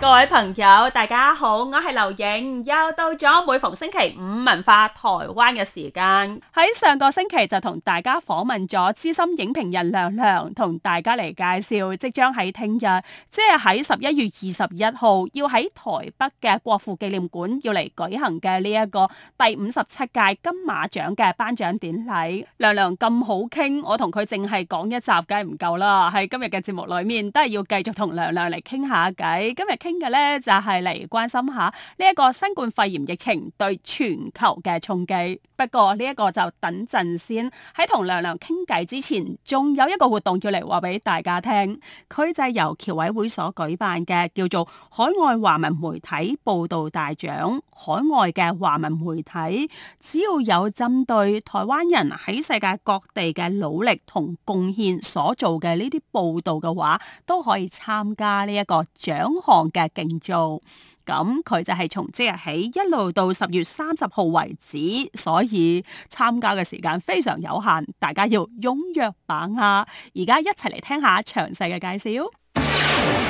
各位朋友，大家好，我係劉影，又到咗每逢星期五文化台灣嘅時間。喺上個星期就同大家訪問咗資深影評人梁良，同大家嚟介紹即將喺聽日，即係喺十一月二十一號要喺台北嘅國父紀念館要嚟舉行嘅呢一個第五十七屆金馬獎嘅頒獎典禮。梁良咁好傾，我同佢淨係講一集梗係唔夠啦，喺今日嘅節目裏面都係要繼續同梁良嚟傾下偈。今日傾。嘅咧就係嚟關心下呢一個新冠肺炎疫情對全球嘅衝擊。不過呢一個就等陣先。喺同娘娘傾偈之前，仲有一個活動要嚟話俾大家聽。佢就係由僑委會所舉辦嘅，叫做海外華文媒體報道大獎。海外嘅華文媒體，只要有針對台灣人喺世界各地嘅努力同貢獻所做嘅呢啲報道嘅話，都可以參加呢一個獎項嘅。勁做，咁佢就係從即日起一路到十月三十號為止，所以參加嘅時間非常有限，大家要踴躍把握。而家一齊嚟聽下詳細嘅介紹。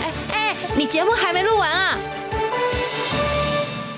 你節目還沒錄完啊？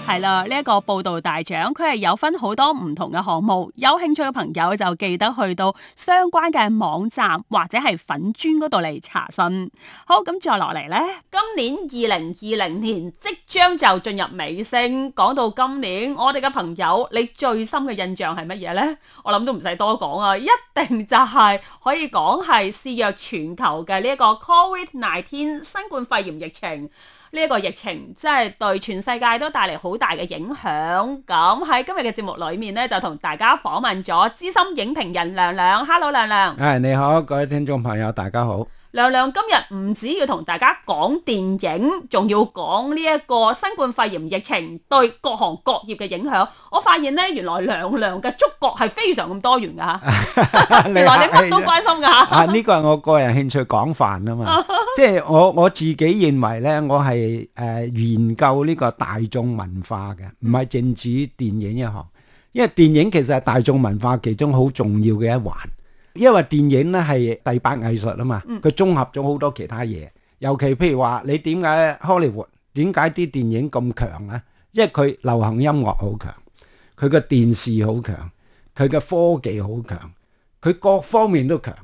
係啦，呢一個報道大獎，佢係有分好多唔同嘅項目，有興趣嘅朋友就記得去到相關嘅網站或者係粉磚嗰度嚟查詢。好，咁再落嚟呢，今年二零二零年即將就進入尾聲。講到今年，我哋嘅朋友，你最深嘅印象係乜嘢呢？我諗都唔使多講啊，一定就係可以講係肆虐全球嘅呢一個 Covid nineteen 新冠肺炎疫情。呢一個疫情真係對全世界都帶嚟好大嘅影響。咁喺今日嘅節目裏面呢，就同大家訪問咗資深影評人梁亮。Hello，梁亮。誒、哎，你好，各位聽眾朋友，大家好。亮亮今日唔止要同大家講電影，仲要講呢一個新冠肺炎疫情對各行各業嘅影響。我發現咧，原來亮亮嘅觸角係非常咁多元噶吓。原來你乜都關心噶吓。呢個係我個人興趣廣泛啊嘛，即係我我自己認為咧，我係誒研究呢個大眾文化嘅，唔係淨止電影一行，因為電影其實係大眾文化其中好重要嘅一環。因為電影呢係第八藝術啊嘛，佢綜合咗好多其他嘢。尤其譬如話，你點解 Hollywood 點解啲電影咁強呢？因為佢流行音樂好強，佢嘅電視好強，佢嘅科技好強，佢各方面都強，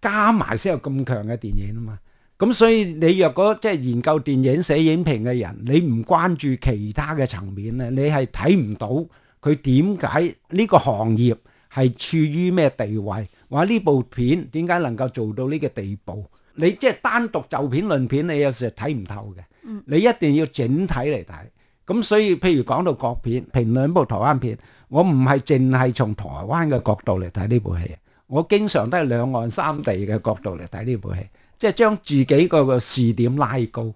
加埋先有咁強嘅電影啊嘛。咁所以你若果即係研究電影寫影評嘅人，你唔關注其他嘅層面呢，你係睇唔到佢點解呢個行業係處於咩地位。話呢部片點解能夠做到呢個地步？你即係單獨就片論片，你有時睇唔透嘅。你一定要整體嚟睇。咁所以譬如講到國片，評論部台灣片，我唔係淨係從台灣嘅角度嚟睇呢部戲，我經常都係兩岸三地嘅角度嚟睇呢部戲，即係將自己個個視點拉高，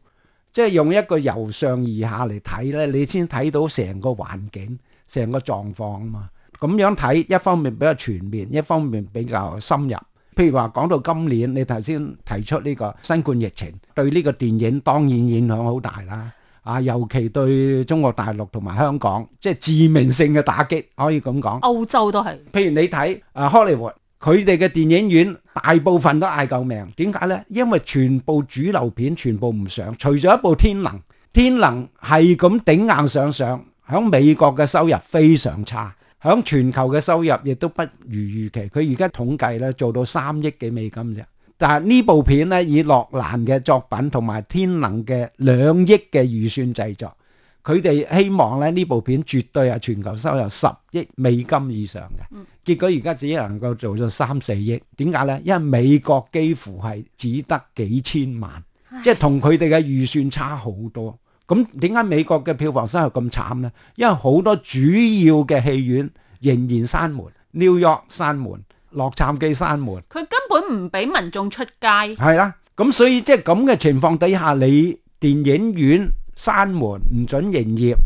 即係用一個由上而下嚟睇呢，你先睇到成個環境、成個狀況啊嘛。咁樣睇，一方面比較全面，一方面比較深入。譬如話講到今年，你頭先提出呢個新冠疫情對呢個電影當然影響好大啦。啊，尤其對中國大陸同埋香港，即係致命性嘅打擊，可以咁講。歐洲都係，譬如你睇啊，Hollywood 佢哋嘅電影院大部分都嗌救命，點解呢？因為全部主流片全部唔上，除咗一部《天能》，《天能》係咁頂硬上上，喺美國嘅收入非常差。喺全球嘅收入亦都不如預期，佢而家統計咧做到三億幾美金啫。但係呢部片咧以諾蘭嘅作品同埋天能嘅兩億嘅預算製作，佢哋希望咧呢部片絕對係全球收入十億美金以上嘅。結果而家只能夠做咗三四億，點解呢？因為美國幾乎係只得幾千萬，哎、呀即係同佢哋嘅預算差好多。咁點解美國嘅票房收入咁慘呢？因為好多主要嘅戲院仍然閂門，紐約閂門，洛杉磯閂門，佢根本唔俾民眾出街。係啦，咁所以即係咁嘅情況底下，你電影院閂門唔準營業，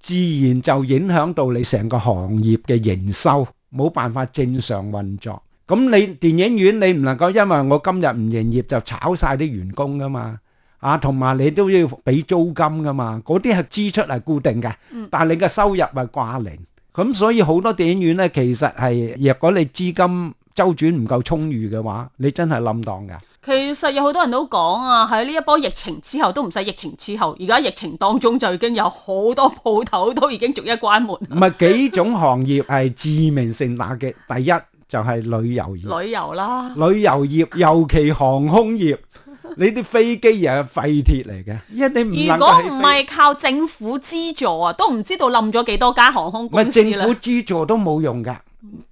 自然就影響到你成個行業嘅營收，冇辦法正常運作。咁你電影院你唔能夠因為我今日唔營業就炒晒啲員工㗎嘛？啊，同埋你都要俾租金噶嘛，嗰啲係支出係固定嘅，但係你嘅收入係掛零，咁所以好多電影院呢，其實係若果你資金周轉唔夠充裕嘅話，你真係冧檔噶。其實有好多人都講啊，喺呢一波疫情之後都唔使疫情之後，而家疫情當中就已經有好多鋪頭都已經逐一關門。唔係幾種行業係致命性打擊，第一就係旅遊業，旅遊啦，旅遊業，尤其航空業。你啲飛機又係廢鐵嚟嘅，一你唔如果唔係靠政府資助啊，都唔知道冧咗幾多間航空公司。政府資助都冇用㗎，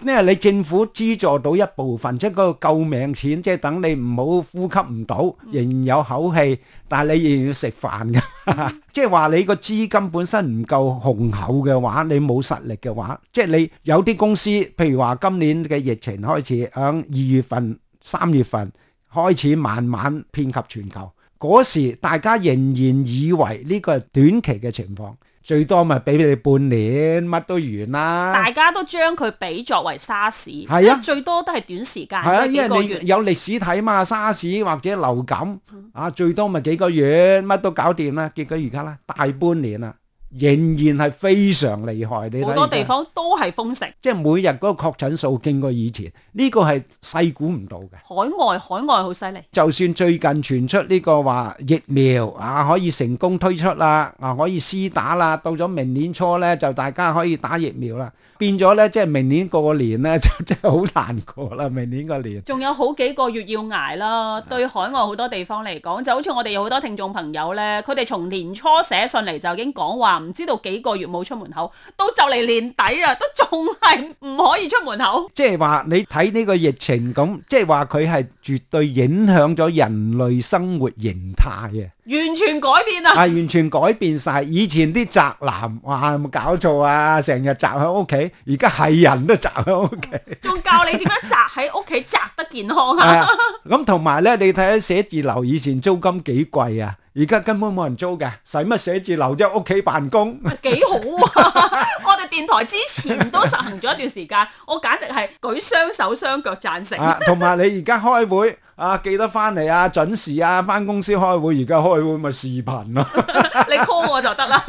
因為你政府資助到一部分即係嗰個救命錢，即係等你唔好呼吸唔到，仍然有口氣，但係你仍然要食飯㗎。 嗯、即係話你個資金本身唔夠雄厚嘅話，你冇實力嘅話，即係你有啲公司，譬如話今年嘅疫情開始響二月份、三月份。開始慢慢遍及全球，嗰時大家仍然以為呢個係短期嘅情況，最多咪俾你半年乜都完啦。大家都將佢比作為沙士，係、啊、即最多都係短時間，啊、即係幾個月。因為你有歷史睇嘛，沙士或者流感啊，嗯、最多咪幾個月乜都搞掂啦。結果而家啦，大半年啦。仍然係非常厲害，你睇好多地方都係封城，即係每日嗰個確診數勁過以前，呢、這個係細估唔到嘅。海外海外好犀利，就算最近傳出呢個話疫苗啊可以成功推出啦，啊可以施打啦，啊，到咗明年初呢，就大家可以打疫苗啦。變咗咧，即係明年過個年咧，就真係好難過啦！明年個年，仲有好幾個月要捱啦。對海外好多地方嚟講，就好似我哋有好多聽眾朋友咧，佢哋從年初寫信嚟就已經講話，唔知道幾個月冇出門口，到就嚟年底啊，都仲係唔可以出門口。即係話你睇呢個疫情咁，即係話佢係絕對影響咗人類生活形態嘅，完全改變啦！係，完全改變晒！以前啲宅男哇，有冇搞錯啊？成日宅喺屋企。而家係人都宅喺屋企，仲教你點樣宅喺屋企宅得健康啊！咁同埋咧，你睇下寫字樓以前租金幾貴啊，而家根本冇人租嘅，使乜寫字樓啫？屋企辦公幾好啊！我哋電台之前都實行咗一段時間，我簡直係舉雙手雙腳贊成。啊，同埋你而家開會啊，記得翻嚟啊，準時啊，翻公司開會。而家開會咪視頻咯，你 call 我就得啦。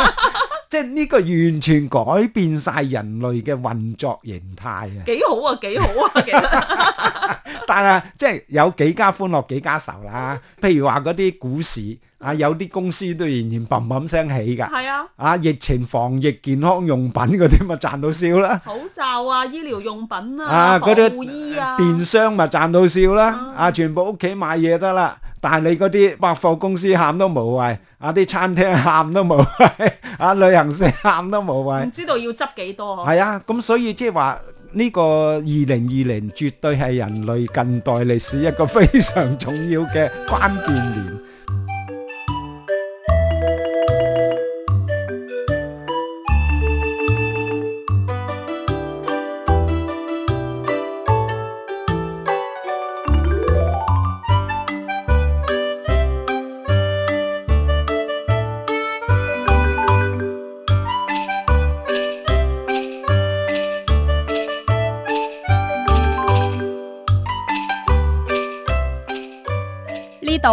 即係呢個完全改變晒人類嘅運作形態啊！幾好啊，幾好啊！ 但係、啊、即係有幾家歡樂幾家愁啦。譬如話嗰啲股市啊，有啲公司都仍然砰砰聲起㗎。係啊！啊，疫情防疫健康用品嗰啲咪賺到笑啦！口罩啊，醫療用品啊，啊，護衣啊，電商咪賺到笑啦！啊、嗯，全部屋企買嘢得啦。但係你嗰啲百貨公司喊都無謂，啊，啲餐廳喊都無謂，啊，旅行社喊都無謂。唔知道要執幾多嗬？係啊，咁所以即係話呢個二零二零絕對係人類近代歷史一個非常重要嘅關鍵年。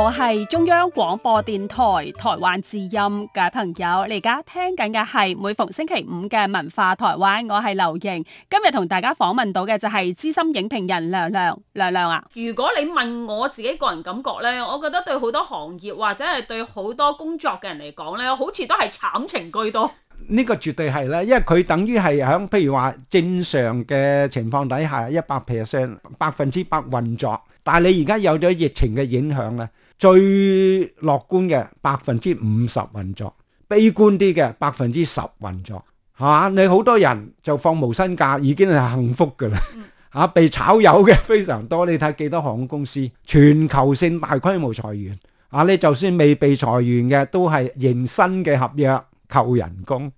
我係中央廣播電台台灣之音嘅朋友，你而家聽緊嘅係每逢星期五嘅文化台灣，我係劉瑩。今日同大家訪問到嘅就係資深影評人梁良，梁良啊。如果你問我自己個人感覺呢，我覺得對好多行業或者係對好多工作嘅人嚟講呢，好似都係慘情居多。呢個絕對係咧，因為佢等於係響譬如話正常嘅情況底下，一百 percent 百分之百運作，但係你而家有咗疫情嘅影響呢，最樂觀嘅百分之五十運作，悲觀啲嘅百分之十運作，嚇、啊、你好多人就放無薪假已經係幸福噶啦。嚇、啊、被炒魷嘅非常多，你睇幾多航空公司全球性大規模裁員，嚇、啊、你就算未被裁員嘅都係認新嘅合約扣人工。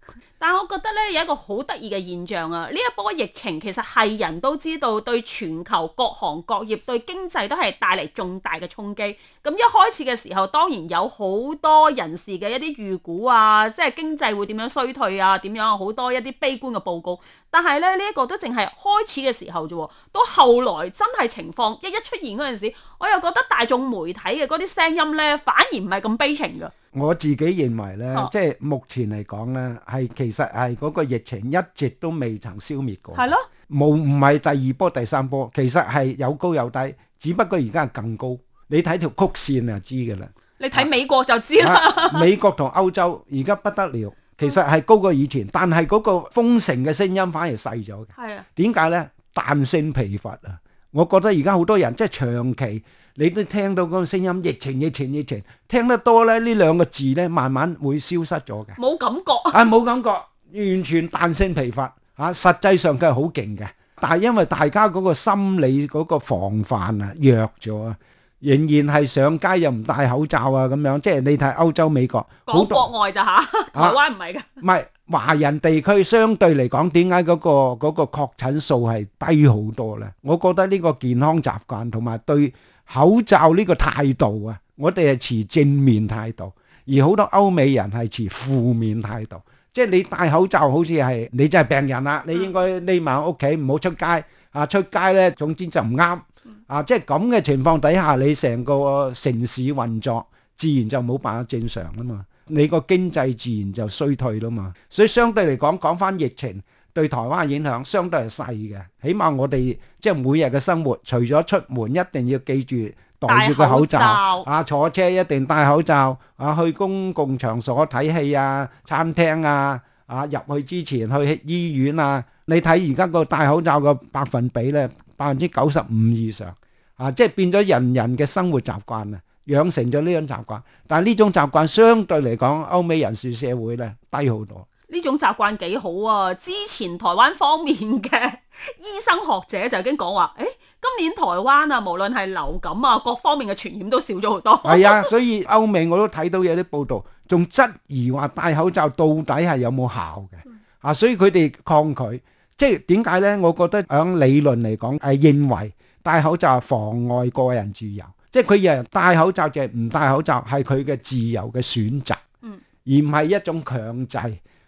我覺得咧有一個好得意嘅現象啊！呢一波疫情其實係人都知道對全球各行各業、對經濟都係帶嚟重大嘅衝擊。咁一開始嘅時候，當然有好多人士嘅一啲預估啊，即係經濟會點樣衰退啊，點樣好多一啲悲觀嘅報告。但係咧呢一個都淨係開始嘅時候啫啊，到後來真係情況一一出現嗰陣時，我又覺得大眾媒體嘅嗰啲聲音呢，反而唔係咁悲情噶。我自己認為咧，即係目前嚟講咧，係其實係嗰個疫情一直都未曾消滅過。係咯，冇唔係第二波、第三波，其實係有高有低，只不過而家係更高。你睇條曲線就知噶啦。你睇美國就知啦。美國同歐洲而家不得了，其實係高過以前，但係嗰個封城嘅聲音反而細咗。係啊，點解咧？彈性疲乏啊！我覺得而家好多人即係長期你都聽到嗰個聲音，疫情、疫情、疫情，聽得多咧呢兩個字咧，慢慢會消失咗嘅。冇感覺啊！冇感覺，完全彈性疲乏啊！實際上佢係好勁嘅，但係因為大家嗰個心理嗰個防範啊弱咗啊，仍然係上街又唔戴口罩啊咁樣。即係你睇歐洲、美國，講國外咋吓？台灣唔係噶，唔係。華人地區相對嚟講，點解嗰個嗰個確診數係低好多呢？我覺得呢個健康習慣同埋對口罩呢個態度啊，我哋係持正面態度，而好多歐美人係持負面態度。即係你戴口罩好似係你真係病人啦，你應該匿埋屋企，唔好出街啊！出街呢，總之就唔啱啊！即係咁嘅情況底下，你成個城市運作自然就冇辦法正常啊嘛～你個經濟自然就衰退啦嘛，所以相對嚟講，講翻疫情對台灣嘅影響相對係細嘅。起碼我哋即係每日嘅生活，除咗出門一定要記住戴住個口罩，啊坐車一定戴口罩，啊去公共場所睇戲啊、餐廳啊，啊入去之前去醫院啊，你睇而家個戴口罩嘅百分比咧，百分之九十五以上，啊即係變咗人人嘅生活習慣啊！養成咗呢種習慣，但係呢種習慣相對嚟講，歐美人士社會咧低好多。呢種習慣幾好啊！之前台灣方面嘅醫生學者就已經講話，誒，今年台灣啊，無論係流感啊，各方面嘅傳染都少咗好多。係啊，所以歐美我都睇到有啲報道，仲質疑話戴口罩到底係有冇效嘅啊，所以佢哋抗拒。即係點解呢？我覺得響理論嚟講，誒，認為戴口罩妨礙個人自由。即係佢有人戴口罩，就係唔戴口罩，係佢嘅自由嘅選擇，而唔係一種強制。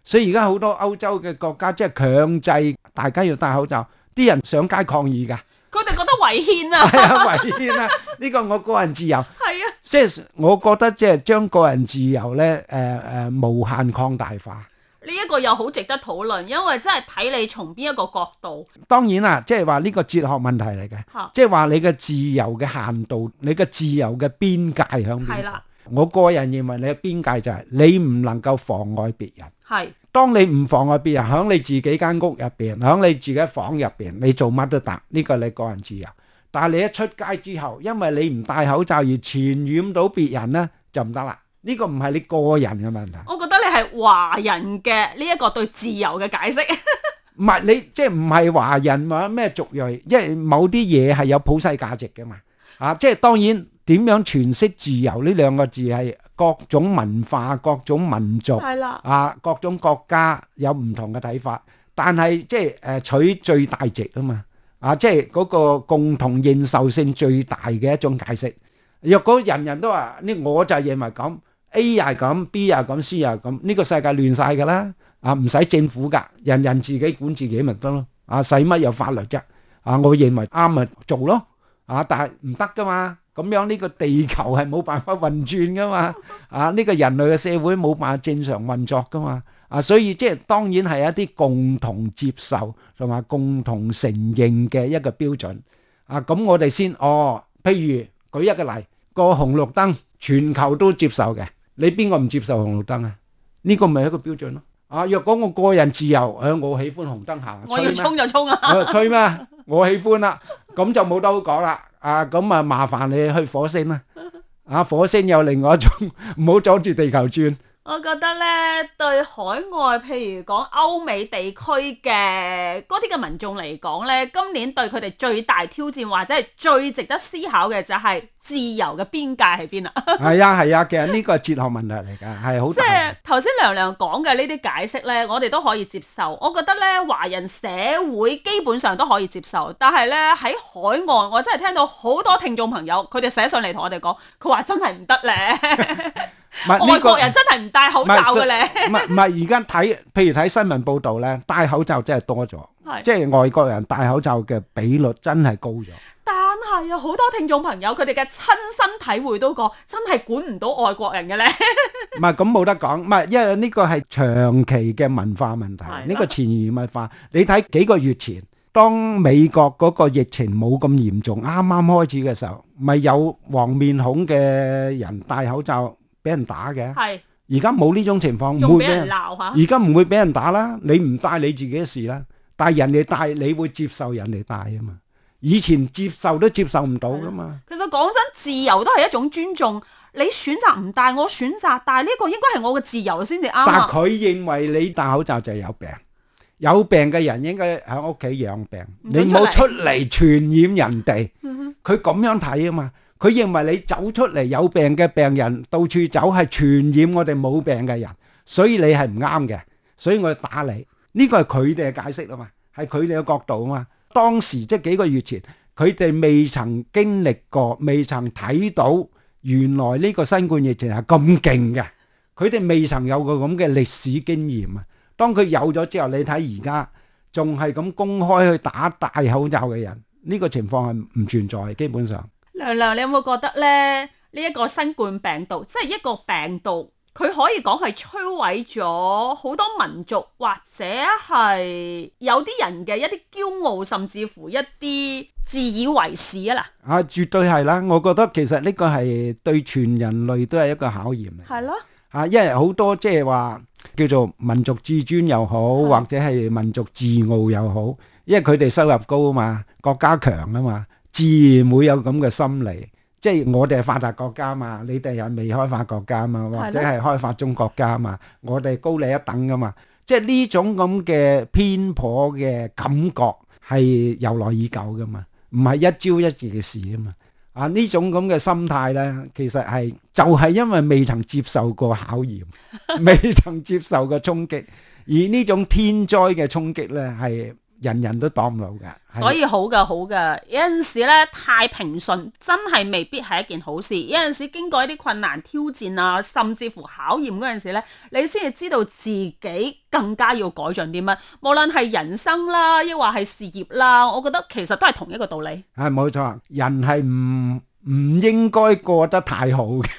所以而家好多歐洲嘅國家，即係強制大家要戴口罩，啲人上街抗議㗎。佢哋覺得違憲啊！係啊，違憲啊！呢、呢個我個人自由。係 啊，即係我覺得即係將個人自由咧，誒、呃、誒、呃、無限擴大化。呢一個又好值得討論，因為真係睇你從邊一個角度。當然啦，即係話呢個哲學問題嚟嘅，啊、即係話你嘅自由嘅限度，你嘅自由嘅邊界響邊。我個人認為你嘅邊界就係你唔能夠妨礙別人。係。當你唔妨礙別人，響你自己間屋入邊，響你自己房入邊，你做乜都得，呢個你個人自由。但係你一出街之後，因為你唔戴口罩而傳染到別人呢，就唔得啦。呢個唔係你個人嘅問題。係華人嘅呢一個對自由嘅解釋，唔係你即係唔係華人或者咩族裔，因為某啲嘢係有普世價值噶嘛？啊，即係當然點樣詮釋自由呢兩個字係各種文化、各種民族係啦，啊，各種國家有唔同嘅睇法，但係即係誒取最大值啊嘛？啊，即係嗰個共同認受性最大嘅一種解釋。若果人人都話呢，我就認為咁。A 又咁，B 又咁，C 又咁，呢個世界亂晒噶啦！啊，唔使政府噶，人人自己管自己咪得咯。啊，使乜有法律啫？啊，我認為啱咪做咯。啊，但係唔得噶嘛，咁樣呢個地球係冇辦法運轉噶嘛。啊，呢個人類嘅社會冇辦法正常運作噶嘛。啊，所以即係當然係一啲共同接受同埋共同承認嘅一個標準。啊，咁我哋先哦，譬如舉一個例，個紅綠燈全球都接受嘅。你邊個唔接受紅綠燈啊？呢、這個咪一個標準咯、啊。啊，若果我個人自由，誒、啊，我喜歡紅燈行，我要衝就衝啊，我吹咩？我喜歡啦、啊，咁就冇得好講啦。啊，咁啊麻煩你去火星啦、啊。啊，火星有另外一種，唔好阻住地球轉。我覺得咧，對海外譬如講歐美地區嘅嗰啲嘅民眾嚟講咧，今年對佢哋最大挑戰或者係最值得思考嘅就係自由嘅邊界喺邊啦。係啊係啊，其實呢個係哲學問題嚟㗎，係好，即係頭先娘娘講嘅呢啲解釋咧，我哋都可以接受。我覺得咧，華人社會基本上都可以接受，但係咧喺海外，我真係聽到好多聽眾朋友佢哋寫信嚟同我哋講，佢話真係唔得咧。 外國人真係唔戴口罩嘅咧。唔係唔係，而家睇譬如睇新聞報道咧，戴口罩真係多咗，即係外國人戴口罩嘅比率真係高咗。但係啊，好多聽眾朋友佢哋嘅親身體會都講，真係管唔到外國人嘅咧。唔係咁冇得講，唔係因為呢個係長期嘅文化問題，呢個潛移默化。你睇幾個月前，當美國嗰個疫情冇咁嚴重，啱啱開始嘅時候，咪有黃面孔嘅人戴口罩。俾人打嘅，而家冇呢種情況，仲俾人鬧而家唔會俾人,人打啦、嗯，你唔戴你自己嘅事啦，但係人哋戴你會接受人哋戴啊嘛。以前接受都接受唔到㗎嘛。其實講真，自由都係一種尊重，你選擇唔戴，我選擇戴呢個應該係我嘅自由先至啱。但係佢認為你戴口罩就係有病，有病嘅人應該喺屋企養病，你冇出嚟傳染人哋。佢咁、嗯、哼樣睇啊嘛。佢認為你走出嚟有病嘅病人到處走係傳染我哋冇病嘅人，所以你係唔啱嘅，所以我要打你。呢個係佢哋嘅解釋啊嘛，係佢哋嘅角度啊嘛。當時即幾個月前，佢哋未曾經歷過，未曾睇到原來呢個新冠疫情係咁勁嘅，佢哋未曾有過咁嘅歷史經驗啊。當佢有咗之後，你睇而家仲係咁公開去打戴口罩嘅人，呢個情況係唔存在基本上。娘娘，你有冇覺得咧？呢一個新冠病毒，即係一個病毒，佢可以講係摧毀咗好多民族，或者係有啲人嘅一啲驕傲，甚至乎一啲自以為是啊嗱。啊，絕對係啦！我覺得其實呢個係對全人類都係一個考驗嚟。係咯。啊，因為好多即係話叫做民族自尊又好，或者係民族自傲又好，因為佢哋收入高啊嘛，國家強啊嘛。自然會有咁嘅心理，即係我哋係發達國家嘛，你哋係未開發國家嘛，或者係開發中國家嘛，我哋高你一等㗎嘛，即係呢種咁嘅偏頗嘅感覺係由來已久㗎嘛，唔係一朝一夕嘅事啊嘛，啊呢種咁嘅心態呢，其實係就係因為未曾接受過考驗，未曾接受過衝擊，而呢種天災嘅衝擊呢係，人人都擋唔到㗎，所以好嘅好嘅，有陣時咧太平順，真係未必係一件好事。有陣時經過一啲困難挑戰啊，甚至乎考驗嗰陣時咧，你先至知道自己更加要改進啲乜。無論係人生啦，亦或係事業啦，我覺得其實都係同一個道理。係冇錯，人係唔唔應該過得太好嘅。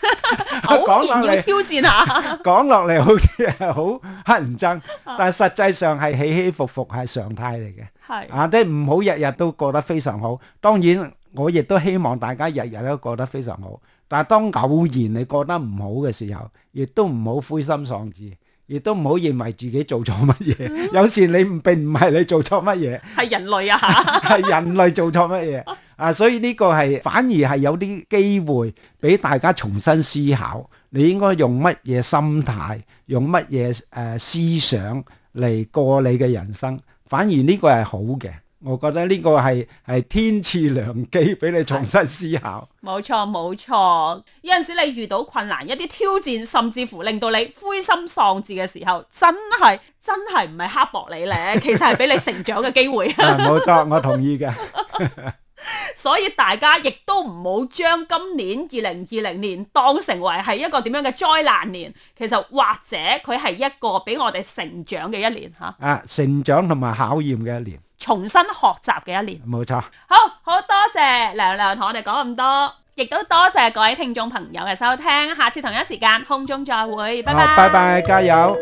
講落嚟挑戰下，講落嚟好似係好乞人憎，但係實際上係起起伏伏係常態嚟嘅。係啊，即係唔好日日都過得非常好。當然，我亦都希望大家日日都過得非常好。但係當偶然你過得唔好嘅時候，亦都唔好灰心喪志，亦都唔好認為自己做錯乜嘢。有時你並唔係你做錯乜嘢，係人類啊，係人類做錯乜嘢。啊，所以呢個係反而係有啲機會俾大家重新思考，你應該用乜嘢心態，用乜嘢誒思想嚟過你嘅人生。反而呢個係好嘅，我覺得呢個係係天賜良機俾你重新思考。冇錯冇錯，有陣時你遇到困難、一啲挑戰，甚至乎令到你灰心喪志嘅時候，真係真係唔係刻薄你咧，其實係俾你成長嘅機會。冇錯，我同意嘅。所以大家亦都唔好將今年二零二零年當成為係一個點樣嘅災難年，其實或者佢係一個俾我哋成長嘅一年吓。啊，成長同埋考驗嘅一年，重新學習嘅一年，冇錯。好，好多謝梁梁同我哋講咁多，亦都多謝各位聽眾朋友嘅收聽，下次同一時間空中再會，拜拜，拜拜，加油。